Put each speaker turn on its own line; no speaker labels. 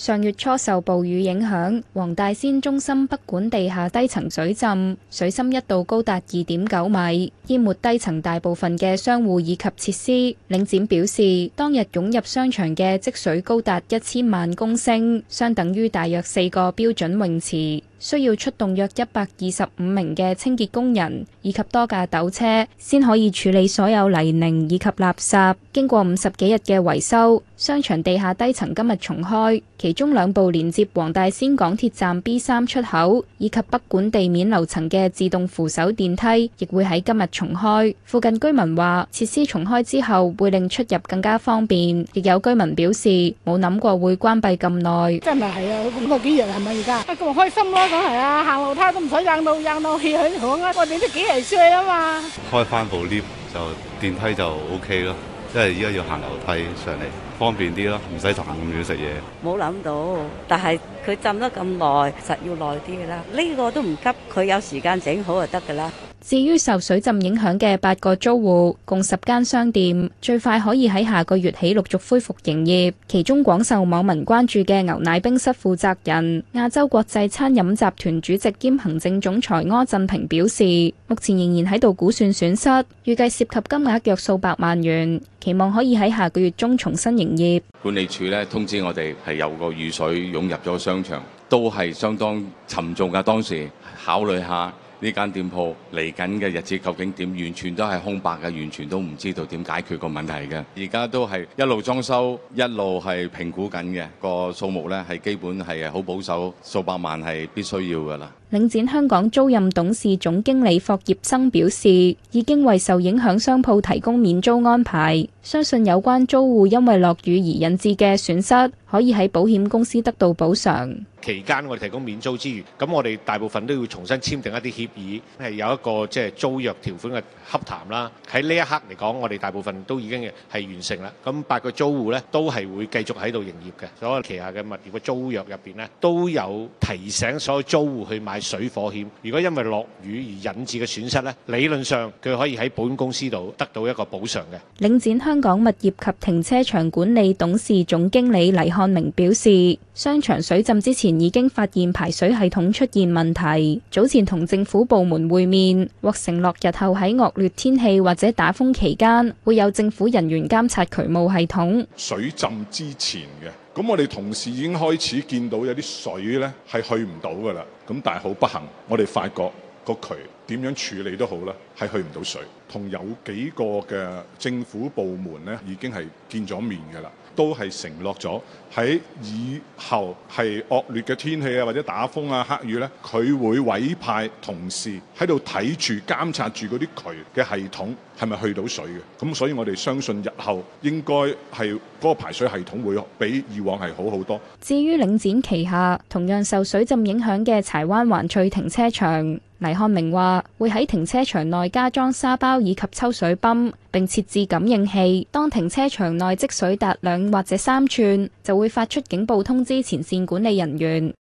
上月初受暴雨影響，黃大仙中心北館地下低層水浸，水深一度高達二點九米，淹沒低層大部分嘅商戶以及設施。領展表示，當日湧入商場嘅積水高達一千萬公升，相等於大約四個標準泳池。需要出動約一百二十五名嘅清潔工人以及多架斗車，先可以處理所有泥濘以及垃圾。經過五十幾日嘅維修，商場地下低層今日重開，其中兩部連接黃大仙港鐵站 B3 出口以及北館地面樓層嘅自動扶手電梯，亦會喺今日重開。附近居民話：設施重開之後，會令出入更加方便。亦有居民表示冇諗過會關閉咁耐。真係係啊，咁多幾日係咪而家啊，咁開心咯！係啊，行樓梯都唔使忍到，忍到氣很響啊！我哋都幾歲歲啦嘛，
開翻部 lift 就電梯就 OK 咯，即係依家要行樓梯上嚟，方便啲咯，唔使行咁遠食嘢。
冇諗到，但係佢浸得咁耐，實要耐啲噶啦。呢個都唔急，佢有時
間整好就得噶啦。
至於受水浸影響嘅八個租戶，共十間商店，最快可以喺下個月起陸續恢復營業。其中廣受網民關注嘅牛奶冰室負責人、亞洲國際餐飲集團主席兼行政總裁柯振平表示，目前仍然喺度估算損失，預計涉及金額約數百萬元，期望可以喺下個月中重新營業。
管理處呢通知我哋係有個雨水湧入咗商場，都係相當沉重㗎。當時考慮下。呢間店鋪嚟緊嘅日子究竟點？完全都係空白嘅，完全都唔知道點解決個問題嘅。而家都係一路裝修，一路係評估緊嘅個數目呢，係基本係好保守，數百萬係必須要㗎喇。
領展香港租賃董事總經理霍業生表示，已經為受影響商鋪提供免租安排，相信有關租戶因為落雨而引致嘅損失，可以喺保險公司得到補償。
期間我哋提供免租之餘，咁我哋大部分都要重新簽訂一啲協議，係有一個即係租約條款嘅洽談啦。喺呢一刻嚟講，我哋大部分都已經係完成啦。咁八個租戶呢，都係會繼續喺度營業嘅。所有旗下嘅物業嘅租約入邊呢，都有提醒所有租戶去買。水火險，如果因為落雨而引致嘅損失呢，理論上佢可以喺保險公司度得到一個補償嘅。
領展香港物業及停車場管理董事總經理黎漢明表示。商場水浸之前已經發現排水系統出現問題，早前同政府部門會面，或承諾日後喺惡劣天氣或者打風期間，會有政府人員監察渠務系統。
水浸之前嘅，咁我哋同事已經開始見到有啲水咧係去唔到噶啦，咁但係好不幸，我哋發覺個渠點樣處理都好喇，係去唔到水。同有幾個嘅政府部門咧已經係見咗面㗎喇。都係承諾咗喺以後係惡劣嘅天氣啊，或者打風啊、黑雨呢，佢會委派同事喺度睇住監察住嗰啲渠嘅系統係咪去到水嘅，咁所以我哋相信日後應該係嗰個排水系統會比以往係好好多。
至於領展旗下同樣受水浸影響嘅柴灣環翠停車場。黎漢明話：會喺停車場內加裝沙包以及抽水泵，並設置感應器，當停車場內積水達兩或者三寸，就會發出警報通知前線管理人員。